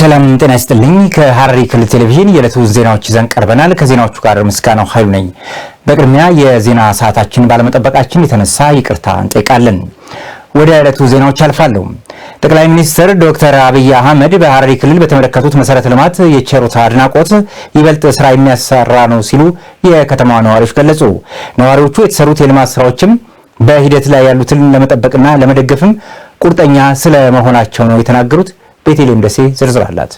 ሰላም ጤና ይስጥልኝ። ከሐረሪ ክልል ቴሌቪዥን የዕለቱ ዜናዎች ይዘን ቀርበናል። ከዜናዎቹ ጋር ምስጋናው ኃይሉ ነኝ። በቅድሚያ የዜና ሰዓታችን ባለመጠበቃችን የተነሳ ይቅርታ እንጠይቃለን። ወደ ዕለቱ ዜናዎች አልፋለሁ። ጠቅላይ ሚኒስትር ዶክተር አብይ አህመድ በሐረሪ ክልል በተመለከቱት መሰረተ ልማት የቸሩት አድናቆት ይበልጥ ስራ የሚያሰራ ነው ሲሉ የከተማዋ ነዋሪዎች ገለጹ። ነዋሪዎቹ የተሰሩት የልማት ስራዎችም በሂደት ላይ ያሉትን ለመጠበቅና ለመደገፍም ቁርጠኛ ስለመሆናቸው ነው የተናገሩት። ቤቴሌም ደሴ ዝርዝር አላት።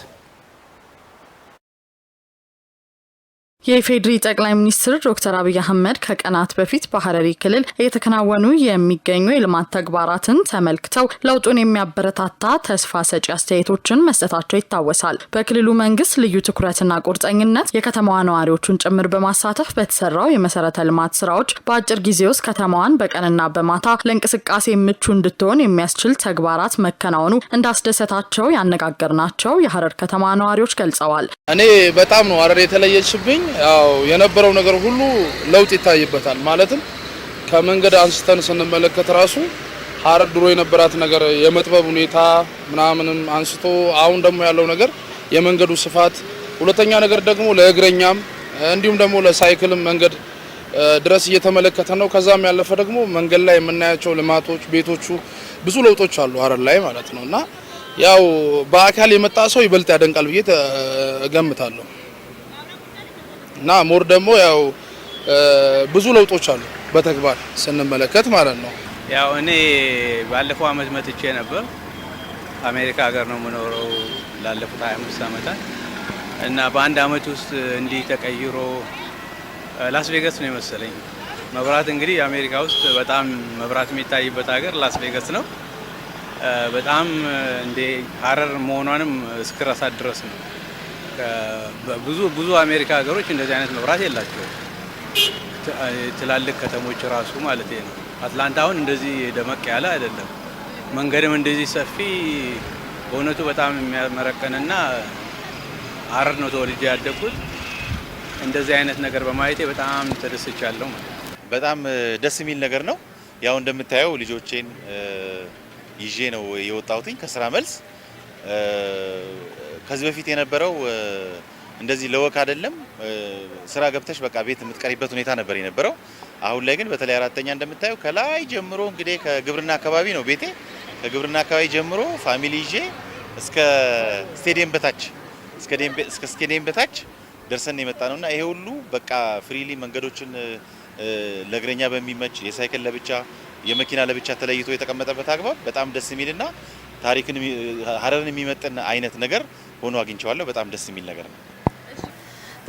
የኢፌዴሪ ጠቅላይ ሚኒስትር ዶክተር አብይ አህመድ ከቀናት በፊት በሀረሪ ክልል እየተከናወኑ የሚገኙ የልማት ተግባራትን ተመልክተው ለውጡን የሚያበረታታ ተስፋ ሰጪ አስተያየቶችን መስጠታቸው ይታወሳል። በክልሉ መንግስት ልዩ ትኩረትና ቁርጠኝነት የከተማዋ ነዋሪዎቹን ጭምር በማሳተፍ በተሰራው የመሰረተ ልማት ስራዎች በአጭር ጊዜ ውስጥ ከተማዋን በቀንና በማታ ለእንቅስቃሴ ምቹ እንድትሆን የሚያስችል ተግባራት መከናወኑ እንዳስደሰታቸው ያነጋገርናቸው የሀረር ከተማ ነዋሪዎች ገልጸዋል። እኔ በጣም ነው ሀረር የተለየችብኝ ያው የነበረው ነገር ሁሉ ለውጥ ይታይበታል። ማለትም ከመንገድ አንስተን ስንመለከት ራሱ ሀረር ድሮ የነበራት ነገር የመጥበብ ሁኔታ ምናምንም አንስቶ አሁን ደግሞ ያለው ነገር የመንገዱ ስፋት፣ ሁለተኛ ነገር ደግሞ ለእግረኛም እንዲሁም ደግሞ ለሳይክልም መንገድ ድረስ እየተመለከተ ነው። ከዛም ያለፈ ደግሞ መንገድ ላይ የምናያቸው ልማቶች፣ ቤቶቹ ብዙ ለውጦች አሉ ሀረር ላይ ማለት ነው እና ያው በአካል የመጣ ሰው ይበልጥ ያደንቃል ብዬ እገምታለሁ። እና ሞር ደግሞ ያው ብዙ ለውጦች አሉ በተግባር ስንመለከት ማለት ነው። ያው እኔ ባለፈው አመት መጥቼ ነበር። አሜሪካ ሀገር ነው የምኖረው ላለፉት 25 አመታት እና በአንድ አመት ውስጥ እንዲህ ተቀይሮ ላስ ቬገስ ነው የመሰለኝ። መብራት እንግዲህ አሜሪካ ውስጥ በጣም መብራት የሚታይበት ሀገር ላስ ቬገስ ነው። በጣም እንደ ሀረር መሆኗንም እስክረሳት ድረስ ነው ብዙ ብዙ አሜሪካ ሀገሮች እንደዚህ አይነት መብራት የላቸውም። ትላልቅ ከተሞች ራሱ ማለት ነው። አትላንታ አሁን እንደዚህ ደመቅ ያለ አይደለም። መንገድም እንደዚህ ሰፊ በእውነቱ በጣም የሚያመረቀንና አረድ ነው ተወልጄ ያደግኩት። እንደዚህ አይነት ነገር በማየቴ በጣም ተደስቻለሁ ማለት በጣም ደስ የሚል ነገር ነው። ያው እንደምታየው ልጆቼን ይዤ ነው የወጣሁትኝ ከስራ መልስ ከዚህ በፊት የነበረው እንደዚህ ለወቅ አይደለም ስራ ገብተሽ በቃ ቤት የምትቀሪበት ሁኔታ ነበር የነበረው። አሁን ላይ ግን በተለይ አራተኛ እንደምታየው ከላይ ጀምሮ እንግዲህ ከግብርና አካባቢ ነው ቤቴ። ከግብርና አካባቢ ጀምሮ ፋሚሊ ይዤ እስከ ስቴዲየም በታች እስከ ስቴዲየም በታች ደርሰን የመጣ እና ይሄ ሁሉ በቃ ፍሪሊ መንገዶችን ለእግረኛ በሚመች የሳይክል ለብቻ የመኪና ለብቻ ተለይቶ የተቀመጠበት አግባብ በጣም ደስ የሚልና ታሪክን ሀረርን የሚመጥን አይነት ነገር ሆኖ አግኝቸዋለሁ። በጣም ደስ የሚል ነገር ነው።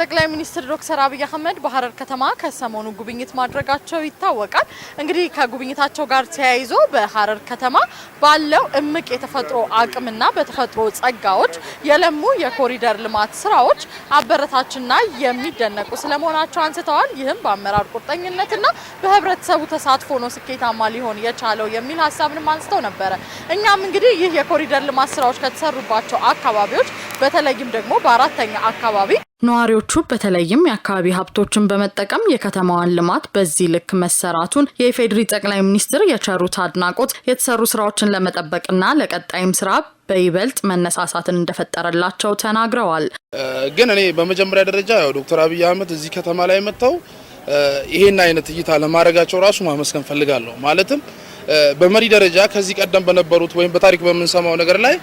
ጠቅላይ ሚኒስትር ዶክተር አብይ አህመድ በሀረር ከተማ ከሰሞኑ ጉብኝት ማድረጋቸው ይታወቃል። እንግዲህ ከጉብኝታቸው ጋር ተያይዞ በሀረር ከተማ ባለው እምቅ የተፈጥሮ አቅምና በተፈጥሮ ጸጋዎች የለሙ የኮሪደር ልማት ስራዎች አበረታችና የሚደነቁ ስለመሆናቸው አንስተዋል። ይህም በአመራር ቁርጠኝነትና በህብረተሰቡ ተሳትፎ ነው ስኬታማ ሊሆን የቻለው የሚል ሀሳብንም አንስተው ነበረ። እኛም እንግዲህ ይህ የኮሪደር ልማት ስራዎች ከተሰሩባቸው አካባቢዎች በተለይም ደግሞ በአራተኛ አካባቢ ነዋሪዎቹ በተለይም የአካባቢ ሀብቶችን በመጠቀም የከተማዋን ልማት በዚህ ልክ መሰራቱን የኢፌዴሪ ጠቅላይ ሚኒስትር የቸሩት አድናቆት የተሰሩ ስራዎችን ለመጠበቅና ለቀጣይም ስራ በይበልጥ መነሳሳትን እንደፈጠረላቸው ተናግረዋል። ግን እኔ በመጀመሪያ ደረጃ ዶክተር አብይ አህመድ እዚህ ከተማ ላይ መጥተው ይሄን አይነት እይታ ለማድረጋቸው ራሱ ማመስገን ፈልጋለሁ። ማለትም በመሪ ደረጃ ከዚህ ቀደም በነበሩት ወይም በታሪክ በምንሰማው ነገር ላይ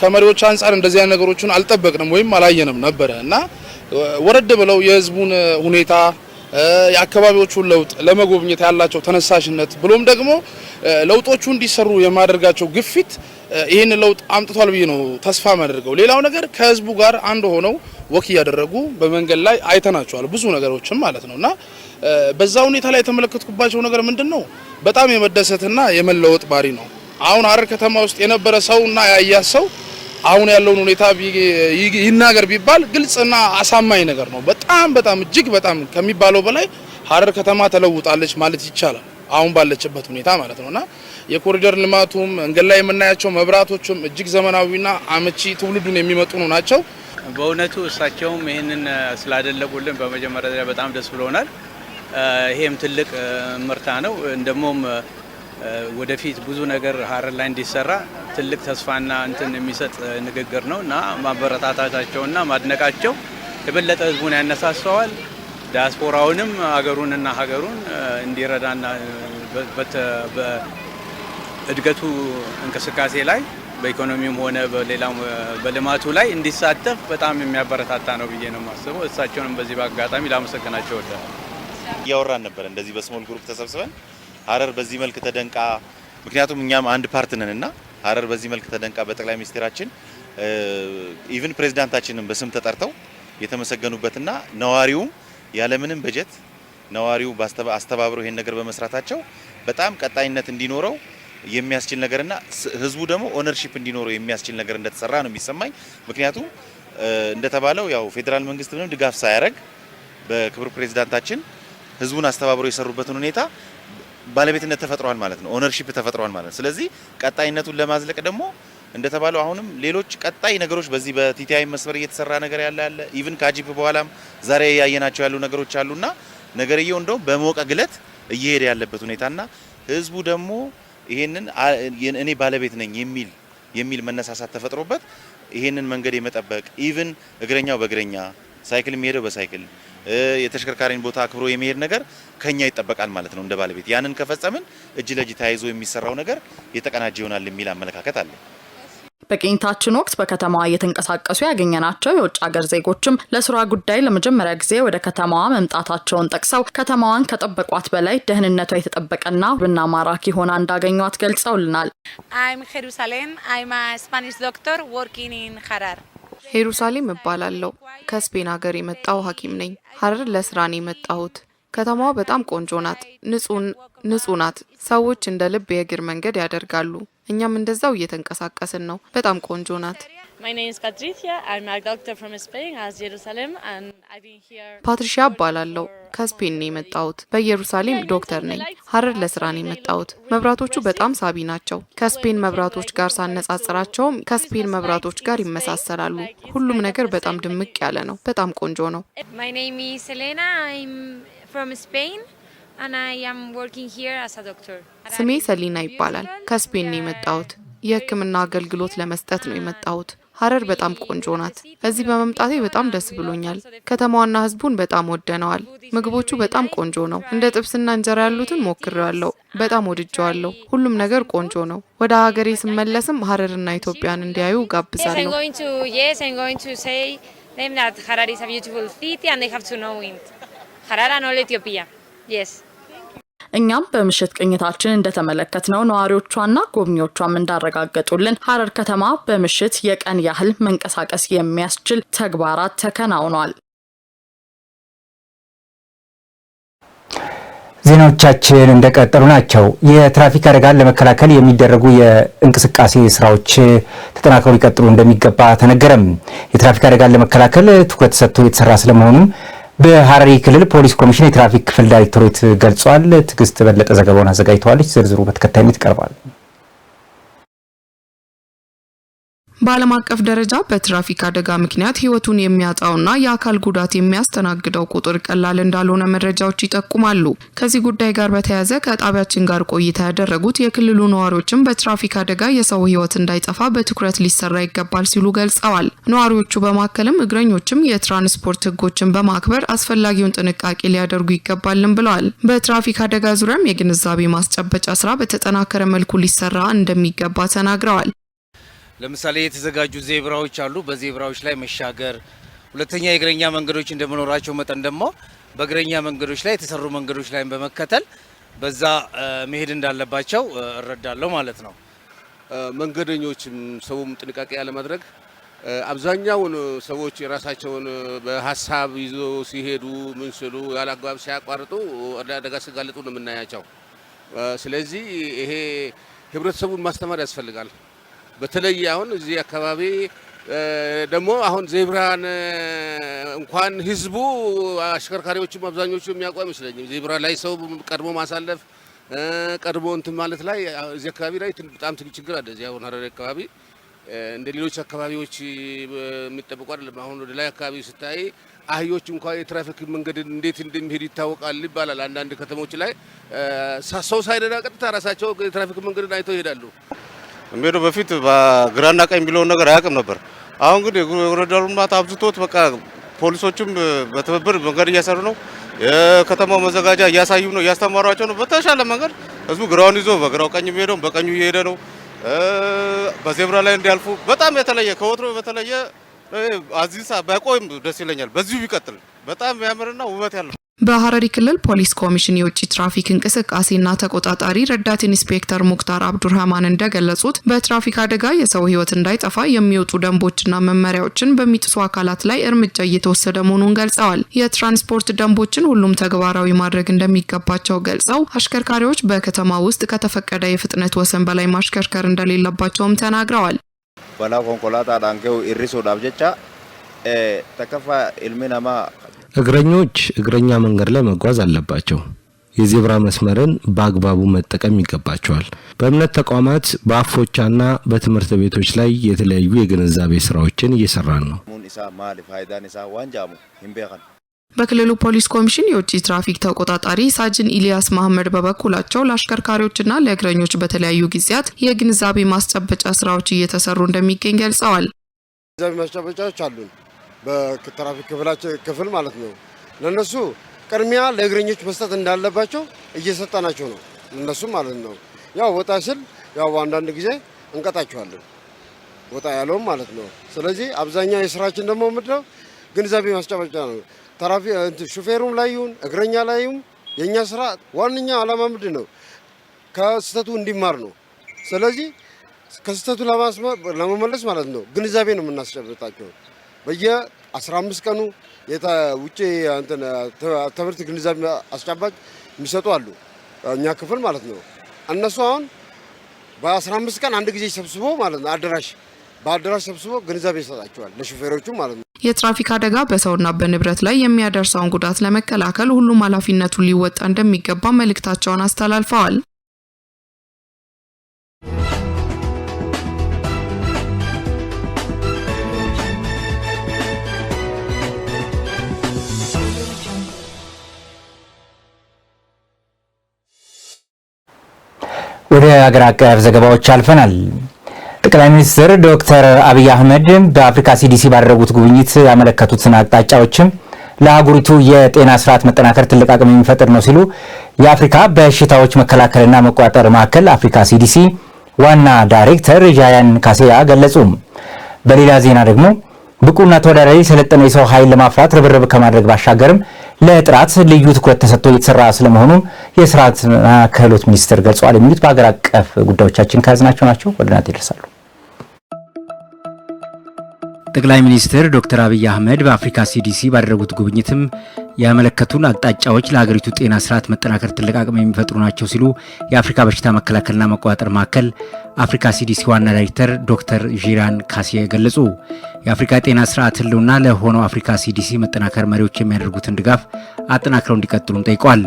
ከመሪዎች አንጻር እንደዚህ አይነት ነገሮችን አልጠበቅንም ወይም አላየንም ነበረ እና ወረድ ብለው የህዝቡን ሁኔታ የአካባቢዎቹን ለውጥ ለመጎብኘት ያላቸው ተነሳሽነት ብሎም ደግሞ ለውጦቹ እንዲሰሩ የማደርጋቸው ግፊት ይህን ለውጥ አምጥቷል ብዬ ነው ተስፋ ማደርገው። ሌላው ነገር ከህዝቡ ጋር አንድ ሆነው ወክ እያደረጉ በመንገድ ላይ አይተናቸዋል ብዙ ነገሮችም ማለት ነው እና በዛ ሁኔታ ላይ የተመለከትኩባቸው ነገር ምንድን ነው? በጣም የመደሰትና የመለወጥ ባሪ ነው። አሁን ሀረር ከተማ ውስጥ የነበረ ሰውና ያያት ሰው አሁን ያለውን ሁኔታ ይናገር ቢባል ግልጽና አሳማኝ ነገር ነው። በጣም በጣም እጅግ በጣም ከሚባለው በላይ ሀረር ከተማ ተለውጣለች ማለት ይቻላል። አሁን ባለችበት ሁኔታ ማለት ነውና የኮሪደር ልማቱም መንገድ ላይ የምናያቸው መብራቶቹም እጅግ ዘመናዊና አመቺ ትውልዱን ነው ናቸው። በእውነቱ እሳቸውም ይህንን ስላደለጉልን በመጀመሪያ በጣም ደስ ብሎናል። ይሄም ትልቅ ምርታ ነው። እንደሞም ወደፊት ብዙ ነገር ሀረር ላይ እንዲሰራ ትልቅ ተስፋና እንትን የሚሰጥ ንግግር ነው እና ማበረታታታቸውና ማድነቃቸው የበለጠ ህዝቡን ያነሳሰዋል። ዲያስፖራውንም ሀገሩንና ሀገሩን እንዲረዳና በእድገቱ እንቅስቃሴ ላይ በኢኮኖሚውም ሆነ በሌላም በልማቱ ላይ እንዲሳተፍ በጣም የሚያበረታታ ነው ብዬ ነው የማስበው። እሳቸውንም በዚህ በአጋጣሚ ላመሰግናቸው ወዳል። እያወራን ነበር እንደዚህ በስሞል ግሩፕ ተሰብስበን ሀረር በዚህ መልክ ተደንቃ ምክንያቱም እኛም አንድ ፓርት ነን እና ሀረር በዚህ መልክ ተደንቃ በጠቅላይ ሚኒስትራችን ኢቭን ፕሬዚዳንታችንም በስም ተጠርተው የተመሰገኑበትና ነዋሪውም ያለምንም በጀት ነዋሪው አስተባብረው ይሄን ነገር በመስራታቸው በጣም ቀጣይነት እንዲኖረው የሚያስችል ነገርና ህዝቡ ደግሞ ኦነርሺፕ እንዲኖረው የሚያስችል ነገር እንደተሰራ ነው የሚሰማኝ። ምክንያቱም እንደተባለው ያው ፌዴራል መንግስት ምንም ድጋፍ ሳያደርግ በክብር ፕሬዚዳንታችን ህዝቡን አስተባብረው የሰሩበትን ሁኔታ ባለቤትነት ተፈጥሯል ማለት ነው። ኦነርሺፕ ተፈጥሯል ማለት ነው። ስለዚህ ቀጣይነቱን ለማዝለቅ ደግሞ እንደተባለው አሁንም ሌሎች ቀጣይ ነገሮች በዚህ በቲቲአይ መስመር እየተሰራ ነገር ያለ ያለ ኢቭን ካጂፕ በኋላም ዛሬ ያየናቸው ያሉ ነገሮች አሉና ነገርየው እንደውም በሞቀ ግለት እየሄደ ያለበት ሁኔታና ህዝቡ ደግሞ ይሄንን እኔ ባለቤት ነኝ የሚል የሚል መነሳሳት ተፈጥሮበት ይሄንን መንገድ የመጠበቅ ኢቭን እግረኛው በእግረኛ ሳይክል የሚሄደው በሳይክል የተሽከርካሪን ቦታ አክብሮ የመሄድ ነገር ከኛ ይጠበቃል ማለት ነው እንደ ባለቤት። ያንን ከፈጸምን እጅ ለእጅ ተያይዞ የሚሰራው ነገር የተቀናጀ ይሆናል የሚል አመለካከት አለ። በቅኝታችን ወቅት በከተማዋ እየተንቀሳቀሱ ያገኘናቸው የውጭ ሀገር ዜጎችም ለስራ ጉዳይ ለመጀመሪያ ጊዜ ወደ ከተማዋ መምጣታቸውን ጠቅሰው ከተማዋን ከጠበቋት በላይ ደህንነቷ የተጠበቀና ውብና ማራኪ ሆና እንዳገኟት ገልጸውልናል። አይም ሄሩሳሌም አይም ስፓኒሽ ዶክተር ኢን ሄሩሳሌም እባላለሁ። ከስፔን ሀገር የመጣው ሐኪም ነኝ። ሀረር ለስራ ነው የመጣሁት። ከተማዋ በጣም ቆንጆ ናት። ንጹህ ናት። ሰዎች እንደ ልብ የእግር መንገድ ያደርጋሉ። እኛም እንደዛው እየተንቀሳቀስን ነው። በጣም ቆንጆ ናት። ፓትሪሻ እባላለሁ። ከስፔን ነው የመጣሁት። በኢየሩሳሌም ዶክተር ነኝ። ሀረር ለስራ ነው የመጣሁት። መብራቶቹ በጣም ሳቢ ናቸው። ከስፔን መብራቶች ጋር ሳነጻጽራቸውም ከስፔን መብራቶች ጋር ይመሳሰላሉ። ሁሉም ነገር በጣም ድምቅ ያለ ነው። በጣም ቆንጆ ነው። ስሜ ሰሊና ይባላል። ከስፔን ነው የመጣሁት። የሕክምና አገልግሎት ለመስጠት ነው የመጣሁት። ሀረር በጣም ቆንጆ ናት። እዚህ በመምጣቴ በጣም ደስ ብሎኛል። ከተማዋና ህዝቡን በጣም ወደነዋል። ምግቦቹ በጣም ቆንጆ ነው። እንደ ጥብስና እንጀራ ያሉትን ሞክሬዋለሁ። በጣም ወድጀዋለሁ። ሁሉም ነገር ቆንጆ ነው። ወደ ሀገሬ ስመለስም ሀረርና ኢትዮጵያን እንዲያዩ ጋብዛለሁ። ሀራራ ነው ለኢትዮጵያ የስ እኛም በምሽት ቅኝታችን እንደተመለከትነው ነዋሪዎቿና ጎብኚዎቿም እንዳረጋገጡልን ሀረር ከተማ በምሽት የቀን ያህል መንቀሳቀስ የሚያስችል ተግባራት ተከናውኗል። ዜናዎቻችን እንደቀጠሉ ናቸው። የትራፊክ አደጋን ለመከላከል የሚደረጉ የእንቅስቃሴ ስራዎች ተጠናክረው ሊቀጥሉ እንደሚገባ ተነገረም። የትራፊክ አደጋን ለመከላከል ትኩረት ሰጥቶ የተሰራ ስለመሆኑም በሐረሪ ክልል ፖሊስ ኮሚሽን የትራፊክ ክፍል ዳይሬክቶሬት ገልጿል። ትዕግስት በለጠ ዘገባውን አዘጋጅተዋለች። ዝርዝሩ በተከታይነት ይቀርባል። በዓለም አቀፍ ደረጃ በትራፊክ አደጋ ምክንያት ህይወቱን የሚያጣውና የአካል ጉዳት የሚያስተናግደው ቁጥር ቀላል እንዳልሆነ መረጃዎች ይጠቁማሉ። ከዚህ ጉዳይ ጋር በተያያዘ ከጣቢያችን ጋር ቆይታ ያደረጉት የክልሉ ነዋሪዎችም በትራፊክ አደጋ የሰው ህይወት እንዳይጠፋ በትኩረት ሊሰራ ይገባል ሲሉ ገልጸዋል። ነዋሪዎቹ በማከልም እግረኞችም የትራንስፖርት ህጎችን በማክበር አስፈላጊውን ጥንቃቄ ሊያደርጉ ይገባልም ብለዋል። በትራፊክ አደጋ ዙሪያም የግንዛቤ ማስጨበጫ ስራ በተጠናከረ መልኩ ሊሰራ እንደሚገባ ተናግረዋል። ለምሳሌ የተዘጋጁ ዜብራዎች አሉ። በዜብራዎች ላይ መሻገር፣ ሁለተኛ የእግረኛ መንገዶች እንደመኖራቸው መጠን ደግሞ በእግረኛ መንገዶች ላይ የተሰሩ መንገዶች ላይ በመከተል በዛ መሄድ እንዳለባቸው እረዳለሁ ማለት ነው። መንገደኞችም ሰውም ጥንቃቄ ያለማድረግ አብዛኛውን ሰዎች የራሳቸውን በሀሳብ ይዞ ሲሄዱ ምን ያለ አግባብ ሲያቋርጡ አደጋ ሲጋለጡ ነው የምናያቸው። ስለዚህ ይሄ ህብረተሰቡን ማስተማር ያስፈልጋል። በተለይ አሁን እዚህ አካባቢ ደግሞ አሁን ዜብራን እንኳን ህዝቡ አሽከርካሪዎችም አብዛኞቹ የሚያውቁ አይመስለኝም። ዜብራ ላይ ሰው ቀድሞ ማሳለፍ ቀድሞ እንትን ማለት ላይ እዚህ አካባቢ ላይ በጣም ትልቅ ችግር አለ። እዚህ አሁን ሀረሪ አካባቢ እንደ ሌሎች አካባቢዎች የሚጠብቁ አይደለም። አሁን ወደ ላይ አካባቢ ስታይ አህዮች እንኳ የትራፊክ መንገድ እንዴት እንደሚሄድ ይታወቃል ይባላል። አንዳንድ ከተሞች ላይ ሰው ሳይደና ቀጥታ ራሳቸው የትራፊክ መንገድን አይተው ይሄዳሉ። የሚሄደው በፊት ግራና ቀኝ የሚለውን ነገር አያውቅም ነበር። አሁን ግን የኮሪደሩ ልማት አብዝቶት በቃ ፖሊሶቹም በትብብር መንገድ እያሰሩ ነው። የከተማው መዘጋጃ እያሳዩ ነው፣ እያስተማሯቸው ነው። በተሻለ መንገድ ህዝቡ ግራውን ይዞ በግራው ቀኝ የሚሄደው በቀኙ እየሄደ ነው። በዜብራ ላይ እንዲያልፉ በጣም የተለየ ከወትሮ በተለየ አዚሳ ባይቆይም ደስ ይለኛል። በዚሁ ቢቀጥል በጣም የሚያምርና ውበት ያለው በሐረሪ ክልል ፖሊስ ኮሚሽን የውጭ ትራፊክ እንቅስቃሴና ተቆጣጣሪ ረዳት ኢንስፔክተር ሙክታር አብዱርሃማን እንደገለጹት በትራፊክ አደጋ የሰው ሕይወት እንዳይጠፋ የሚወጡ ደንቦችና መመሪያዎችን በሚጥሱ አካላት ላይ እርምጃ እየተወሰደ መሆኑን ገልጸዋል። የትራንስፖርት ደንቦችን ሁሉም ተግባራዊ ማድረግ እንደሚገባቸው ገልጸው አሽከርካሪዎች በከተማ ውስጥ ከተፈቀደ የፍጥነት ወሰን በላይ ማሽከርከር እንደሌለባቸውም ተናግረዋል። በላ ኮንኮላታ ዳንገው ኢሪሶ ዳብጀቻ ተከፋ ኢልሚ ነማ እግረኞች እግረኛ መንገድ ላይ መጓዝ አለባቸው። የዜብራ መስመርን በአግባቡ መጠቀም ይገባቸዋል። በእምነት ተቋማት በአፎቻና በትምህርት ቤቶች ላይ የተለያዩ የግንዛቤ ስራዎችን እየሰራን ነው። በክልሉ ፖሊስ ኮሚሽን የውጭ ትራፊክ ተቆጣጣሪ ሳጅን ኢሊያስ መሐመድ በበኩላቸው ለአሽከርካሪዎችና ለእግረኞች በተለያዩ ጊዜያት የግንዛቤ ማስጨበጫ ስራዎች እየተሰሩ እንደሚገኝ ገልጸዋል። ግንዛቤ ማስጨበጫዎች አሉን። በትራፊክ ክፍል ማለት ነው። ለነሱ ቅድሚያ ለእግረኞች መስጠት እንዳለባቸው እየሰጠናቸው ነው፣ እነሱ ማለት ነው። ያው ወጣ ሲል ያው አንዳንድ ጊዜ እንቀጣቸዋለን፣ ወጣ ያለውም ማለት ነው። ስለዚህ አብዛኛው የስራችን ደግሞ ምንድነው ግንዛቤ ማስጨበጫ ነው። ሹፌሩም ላይ ይሁን እግረኛ ላይ ይሁን የእኛ ስራ ዋነኛ አላማ ምንድን ነው? ከስህተቱ እንዲማር ነው። ስለዚህ ከስህተቱ ለመመለስ ማለት ነው ግንዛቤ ነው የምናስጨበጣቸው። በየ 15 ቀኑ ውጭ ትምህርት ግንዛቤ አስጨባጭ የሚሰጡ አሉ፣ እኛ ክፍል ማለት ነው። እነሱ አሁን በ15 ቀን አንድ ጊዜ ሰብስቦ ማለት ነው አዳራሽ በአዳራሽ ሰብስቦ ግንዛቤ ይሰጣቸዋል ለሹፌሮቹ ማለት ነው። የትራፊክ አደጋ በሰውና በንብረት ላይ የሚያደርሰውን ጉዳት ለመከላከል ሁሉም ኃላፊነቱን ሊወጣ እንደሚገባ መልእክታቸውን አስተላልፈዋል። ወደ አገር አቀፍ ዘገባዎች አልፈናል። ጠቅላይ ሚኒስትር ዶክተር አብይ አህመድ በአፍሪካ ሲዲሲ ባደረጉት ጉብኝት ያመለከቱትን አቅጣጫዎችም ለአህጉሪቱ የጤና ስርዓት መጠናከር ትልቅ አቅም የሚፈጥር ነው ሲሉ የአፍሪካ በሽታዎች መከላከልና መቆጣጠር ማዕከል አፍሪካ ሲዲሲ ዋና ዳይሬክተር ዣያን ካሴያ ገለጹ። በሌላ ዜና ደግሞ ብቁና ተወዳዳሪ ሰለጠነ የሰው ኃይል ለማፍራት ርብርብ ከማድረግ ባሻገርም ለጥራት ልዩ ትኩረት ተሰጥቶ እየተሰራ ስለመሆኑ የስራና ክህሎት ሚኒስቴር ገልጿል። የሚሉት በሀገር አቀፍ ጉዳዮቻችን ከያዝናቸው ናቸው። ወደ እናንተ ይደርሳሉ። ጠቅላይ ሚኒስትር ዶክተር አብይ አህመድ በአፍሪካ ሲዲሲ ባደረጉት ጉብኝትም ያመለከቱን አቅጣጫዎች ለሀገሪቱ ጤና ስርዓት መጠናከር ትልቅ አቅም የሚፈጥሩ ናቸው ሲሉ የአፍሪካ በሽታ መከላከልና መቆጣጠር ማዕከል አፍሪካ ሲዲሲ ዋና ዳይሬክተር ዶክተር ዢራን ካሴ ገለጹ። የአፍሪካ ጤና ስርዓት ህልውና ለሆነው አፍሪካ ሲዲሲ መጠናከር መሪዎች የሚያደርጉትን ድጋፍ አጠናክረው እንዲቀጥሉም ጠይቋል።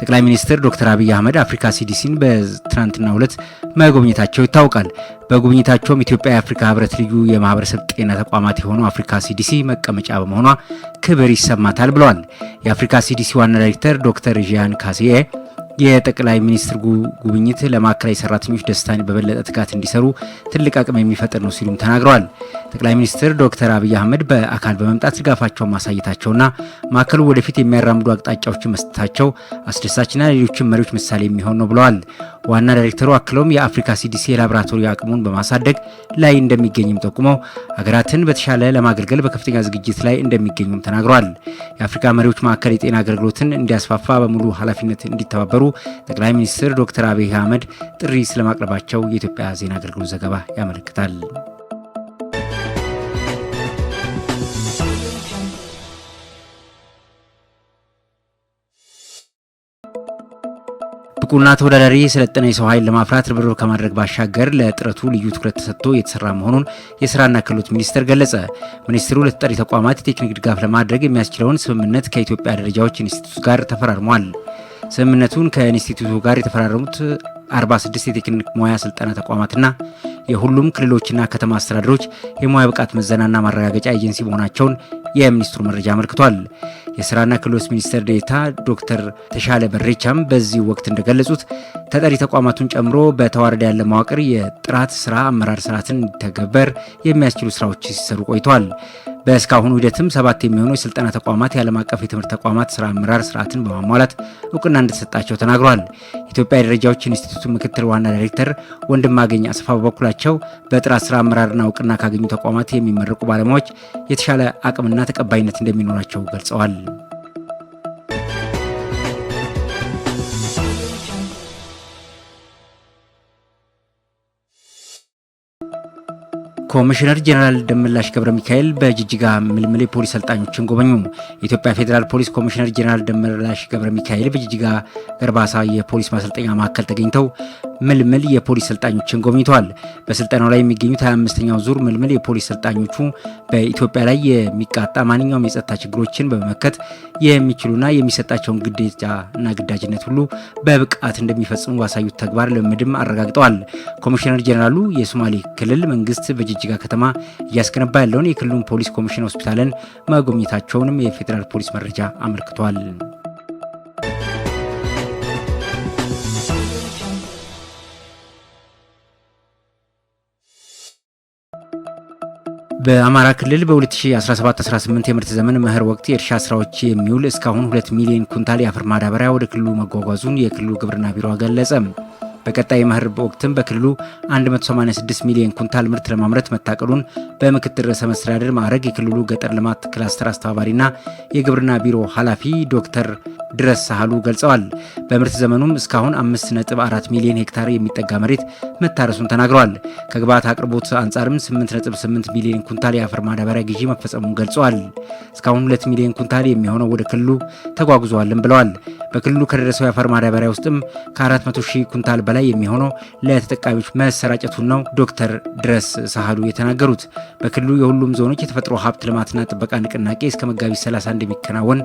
ጠቅላይ ሚኒስትር ዶክተር አብይ አህመድ አፍሪካ ሲዲሲን በትናንትናው ዕለት መጎብኘታቸው ይታወቃል። በጉብኝታቸውም ኢትዮጵያ የአፍሪካ ህብረት ልዩ የማህበረሰብ ጤና ተቋማት የሆነው አፍሪካ ሲዲሲ መቀመጫ በመሆኗ ክብር ይሰማታል ብለዋል። የአፍሪካ ሲዲሲ ዋና ዳይሬክተር ዶክተር ዣን ካሲዬ የጠቅላይ ሚኒስትር ጉብኝት ለማዕከላዊ ሰራተኞች ደስታን በበለጠ ትጋት እንዲሰሩ ትልቅ አቅም የሚፈጥር ነው ሲሉም ተናግረዋል። ጠቅላይ ሚኒስትር ዶክተር አብይ አህመድ በአካል በመምጣት ድጋፋቸውን ማሳየታቸውና ማዕከሉ ወደፊት የሚያራምዱ አቅጣጫዎችን መስጠታቸው አስደሳችና ሌሎችን መሪዎች ምሳሌ የሚሆን ነው ብለዋል። ዋና ዳይሬክተሩ አክለውም የአፍሪካ ሲዲሲ የላቦራቶሪ አቅሙን በማሳደግ ላይ እንደሚገኝም ጠቁመው ሀገራትን በተሻለ ለማገልገል በከፍተኛ ዝግጅት ላይ እንደሚገኙም ተናግረዋል። የአፍሪካ መሪዎች ማዕከል የጤና አገልግሎትን እንዲያስፋፋ በሙሉ ኃላፊነት እንዲተባበሩ እንዲመክሩ ጠቅላይ ሚኒስትር ዶክተር አብይ አህመድ ጥሪ ስለማቅረባቸው የኢትዮጵያ ዜና አገልግሎት ዘገባ ያመለክታል። ብቁና ተወዳዳሪ የሰለጠነ የሰው ኃይል ለማፍራት ርብርብ ከማድረግ ባሻገር ለጥረቱ ልዩ ትኩረት ተሰጥቶ እየተሰራ መሆኑን የስራና ክህሎት ሚኒስቴር ገለጸ። ሚኒስትሩ ለተጠሪ ተቋማት የቴክኒክ ድጋፍ ለማድረግ የሚያስችለውን ስምምነት ከኢትዮጵያ ደረጃዎች ኢንስቲትዩት ጋር ተፈራርሟል። ስምምነቱን ከኢንስቲትዩቱ ጋር የተፈራረሙት 46 የቴክኒክ ሙያ ስልጠና ተቋማትና የሁሉም ክልሎችና ከተማ አስተዳደሮች የሙያ ብቃት ምዘናና ማረጋገጫ ኤጀንሲ መሆናቸውን የሚኒስትሩ መረጃ አመልክቷል። የስራና ክህሎት ሚኒስትር ዴኤታ ዶክተር ተሻለ በሬቻም በዚህ ወቅት እንደገለጹት ተጠሪ ተቋማቱን ጨምሮ በተዋረዳ ያለ መዋቅር የጥራት ስራ አመራር ስርዓትን እንዲተገበር የሚያስችሉ ስራዎች ሲሰሩ ቆይተዋል። በእስካሁኑ ሂደትም ሰባት የሚሆኑ የስልጠና ተቋማት የዓለም አቀፍ የትምህርት ተቋማት ስራ አመራር ስርዓትን በማሟላት እውቅና እንደተሰጣቸው ተናግሯል። የኢትዮጵያ ደረጃዎች ኢንስቲትዩት ምክትል ዋና ዳይሬክተር ወንድማገኝ አስፋ በበኩላቸው በጥራት ስራ አመራርና እውቅና ካገኙ ተቋማት የሚመረቁ ባለሙያዎች የተሻለ አቅምና ተቀባይነት እንደሚኖራቸው ገልጸዋል። ኮሚሽነር ጀነራል ደመላሽ ገብረ ሚካኤል በጅጅጋ ምልምል የፖሊስ ሰልጣኞችን ጎበኙ። የኢትዮጵያ ፌዴራል ፖሊስ ኮሚሽነር ጀነራል ደመላሽ ገብረ ሚካኤል በጅጅጋ ገርባሳ የፖሊስ ማሰልጠኛ ማዕከል ተገኝተው ምልምል የፖሊስ ሰልጣኞችን ጎብኝተዋል። በስልጠናው ላይ የሚገኙት 25ኛው ዙር ምልምል የፖሊስ ሰልጣኞቹ በኢትዮጵያ ላይ የሚቃጣ ማንኛውም የጸጥታ ችግሮችን በመመከት የሚችሉና የሚሰጣቸውን ግዴታና ግዳጅነት ሁሉ በብቃት እንደሚፈጽሙ ባሳዩት ተግባር ልምምድም አረጋግጠዋል። ኮሚሽነር ጀኔራሉ የሶማሌ ክልል መንግስት በጅጅጋ ከተማ እያስገነባ ያለውን የክልሉን ፖሊስ ኮሚሽን ሆስፒታልን መጎብኘታቸውንም የፌዴራል ፖሊስ መረጃ አመልክቷል። በአማራ ክልል በ2017-18 የምርት ዘመን መኸር ወቅት የእርሻ ስራዎች የሚውል እስካሁን 2 ሚሊዮን ኩንታል የአፈር ማዳበሪያ ወደ ክልሉ መጓጓዙን የክልሉ ግብርና ቢሮ ገለጸ። በቀጣይ የመኸር ወቅትም በክልሉ 186 ሚሊዮን ኩንታል ምርት ለማምረት መታቀዱን በምክትል ርዕሰ መስተዳድር ማዕረግ የክልሉ ገጠር ልማት ክላስተር አስተባባሪና የግብርና ቢሮ ኃላፊ ዶክተር ድረስ ሳህሉ ገልጸዋል። በምርት ዘመኑም እስካሁን 5.4 ሚሊዮን ሄክታር የሚጠጋ መሬት መታረሱን ተናግረዋል። ከግብዓት አቅርቦት አንጻርም 8.8 ሚሊዮን ኩንታል የአፈር ማዳበሪያ ግዢ መፈጸሙን ገልጸዋል። እስካሁን 2 ሚሊዮን ኩንታል የሚሆነው ወደ ክልሉ ተጓጉዘዋልም ብለዋል። በክልሉ ከደረሰው የአፈር ማዳበሪያ ውስጥም ከ400 ሺህ ኩንታል በላይ የሚሆነው ለተጠቃሚዎች መሰራጨቱን ነው ዶክተር ድረስ ሳህሉ የተናገሩት። በክልሉ የሁሉም ዞኖች የተፈጥሮ ሀብት ልማትና ጥበቃ ንቅናቄ እስከ መጋቢት 30 እንደሚከናወን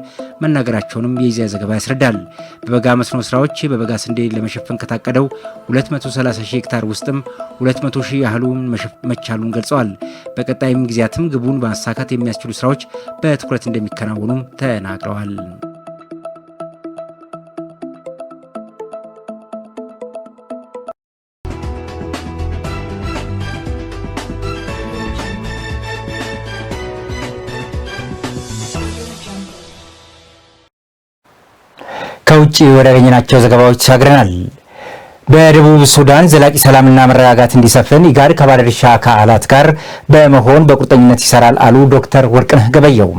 መናገራቸውንም የዚያ ዘገባ ያስረዳል። በበጋ መስኖ ስራዎች በበጋ ስንዴ ለመሸፈን ከታቀደው 230 ሺህ ሄክታር ውስጥም 200 ሺህ ያህሉን መቻሉን ገልጸዋል። በቀጣይም ጊዜያትም ግቡን በማሳካት የሚያስችሉ ስራዎች በትኩረት እንደሚከናወኑም ተናግረዋል። ከውጭ ወዳገኘናቸው ዘገባዎች ተሻግረናል። በደቡብ ሱዳን ዘላቂ ሰላምና መረጋጋት እንዲሰፍን ኢጋድ ከባለድርሻ አካላት ጋር በመሆን በቁርጠኝነት ይሰራል አሉ ዶክተር ወርቅነህ ገበየው።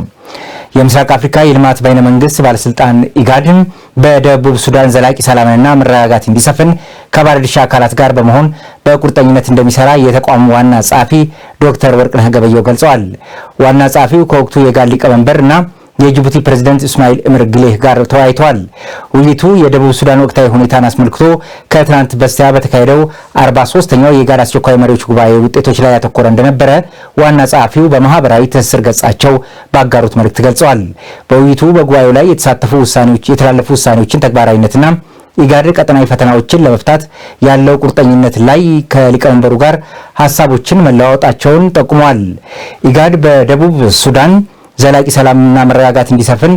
የምስራቅ አፍሪካ የልማት በይነ መንግስት ባለስልጣን ኢጋድም በደቡብ ሱዳን ዘላቂ ሰላምና መረጋጋት እንዲሰፍን ከባለድርሻ አካላት ጋር በመሆን በቁርጠኝነት እንደሚሰራ የተቋሙ ዋና ጸሐፊ ዶክተር ወርቅነህ ገበየው ገልጸዋል። ዋና ጸሐፊው ከወቅቱ የኢጋድ ሊቀመንበር እና የጅቡቲ ፕሬዝደንት እስማኤል እምር ግሌህ ጋር ተወያይተዋል። ውይይቱ የደቡብ ሱዳን ወቅታዊ ሁኔታን አስመልክቶ ከትናንት በስቲያ በተካሄደው 43ኛው የጋራ አስቸኳይ መሪዎች ጉባኤ ውጤቶች ላይ ያተኮረ እንደነበረ ዋና ጸሐፊው በማህበራዊ ትስስር ገጻቸው ባጋሩት መልእክት ገልጸዋል። በውይይቱ በጉባኤው ላይ የተሳተፉ ውሳኔዎች የተላለፉ ውሳኔዎችን ተግባራዊነትና ኢጋድ ቀጠናዊ ፈተናዎችን ለመፍታት ያለው ቁርጠኝነት ላይ ከሊቀመንበሩ ጋር ሀሳቦችን መለዋወጣቸውን ጠቁመዋል። ኢጋድ በደቡብ ሱዳን ዘላቂ ሰላምና መረጋጋት እንዲሰፍን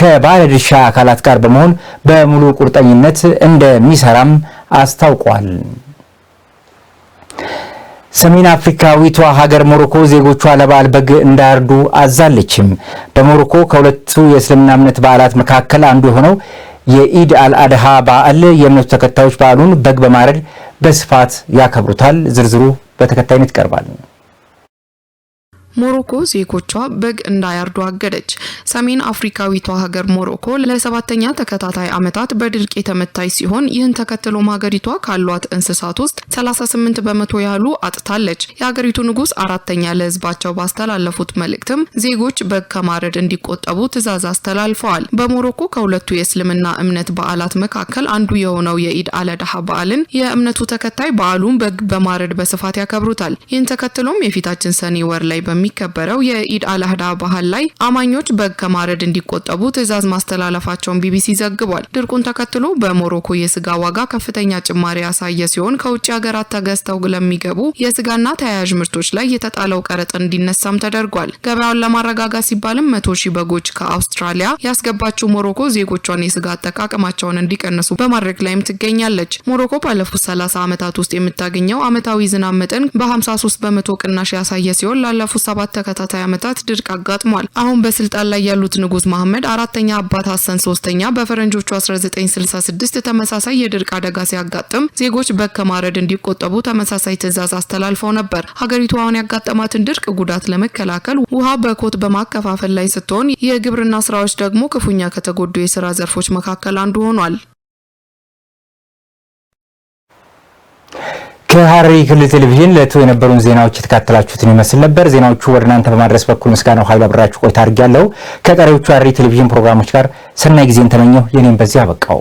ከባለድርሻ አካላት ጋር በመሆን በሙሉ ቁርጠኝነት እንደሚሰራም አስታውቋል። ሰሜን አፍሪካዊቷ ሀገር ሞሮኮ ዜጎቿ ለበዓል በግ እንዳያርዱ አዛለችም። በሞሮኮ ከሁለቱ የእስልምና እምነት በዓላት መካከል አንዱ የሆነው የኢድ አልአድሃ በዓል የእምነቱ ተከታዮች በዓሉን በግ በማረድ በስፋት ያከብሩታል። ዝርዝሩ በተከታይነት ይቀርባል። ሞሮኮ ዜጎቿ በግ እንዳያርዱ አገደች። ሰሜን አፍሪካዊቷ ሀገር ሞሮኮ ለሰባተኛ ተከታታይ ዓመታት በድርቅ የተመታች ሲሆን ይህን ተከትሎ ሀገሪቷ ካሏት እንስሳት ውስጥ 38 በመቶ ያህሉ አጥታለች። የሀገሪቱ ንጉስ አራተኛ ለህዝባቸው ባስተላለፉት መልእክትም ዜጎች በግ ከማረድ እንዲቆጠቡ ትዕዛዝ አስተላልፈዋል። በሞሮኮ ከሁለቱ የእስልምና እምነት በዓላት መካከል አንዱ የሆነው የኢድ አለዳሃ በዓልን የእምነቱ ተከታይ በዓሉን በግ በማረድ በስፋት ያከብሩታል። ይህን ተከትሎም የፊታችን ሰኔ ወር ላይ በሚ በሚከበረው የኢድ አልአህዳ ባህል ላይ አማኞች በግ ከማረድ እንዲቆጠቡ ትዕዛዝ ማስተላለፋቸውን ቢቢሲ ዘግቧል። ድርቁን ተከትሎ በሞሮኮ የስጋ ዋጋ ከፍተኛ ጭማሪ ያሳየ ሲሆን ከውጭ ሀገራት ተገዝተው ለሚገቡ የስጋና ተያያዥ ምርቶች ላይ የተጣለው ቀረጥ እንዲነሳም ተደርጓል። ገበያውን ለማረጋጋት ሲባልም መቶ ሺህ በጎች ከአውስትራሊያ ያስገባችው ሞሮኮ ዜጎቿን የስጋ አጠቃቀማቸውን እንዲቀንሱ በማድረግ ላይም ትገኛለች። ሞሮኮ ባለፉት 30 ዓመታት ውስጥ የምታገኘው ዓመታዊ ዝናብ መጠን በ53 በመቶ ቅናሽ ያሳየ ሲሆን ላለፉት ለሰባት ተከታታይ ዓመታት ድርቅ አጋጥሟል። አሁን በስልጣን ላይ ያሉት ንጉስ መሐመድ አራተኛ፣ አባት ሀሰን ሶስተኛ በፈረንጆቹ 1966 ተመሳሳይ የድርቅ አደጋ ሲያጋጥም ዜጎች በከማረድ እንዲቆጠቡ ተመሳሳይ ትዕዛዝ አስተላልፈው ነበር። ሀገሪቱ አሁን ያጋጠማትን ድርቅ ጉዳት ለመከላከል ውሃ በኮት በማከፋፈል ላይ ስትሆን የግብርና ስራዎች ደግሞ ክፉኛ ከተጎዱ የስራ ዘርፎች መካከል አንዱ ሆኗል። ከሐረሪ ክልል ቴሌቪዥን ለቱ የነበሩን ዜናዎች የተካተላችሁትን ይመስል ነበር። ዜናዎቹ ወደ እናንተ በማድረስ በኩል ምስጋናው ኃይል አብራችሁ ቆይታ አድርጌያለሁ። ከቀሪዎቹ ሐረሪ ቴሌቪዥን ፕሮግራሞች ጋር ሰናይ ጊዜን ተመኘሁ። የኔም በዚህ አበቃው።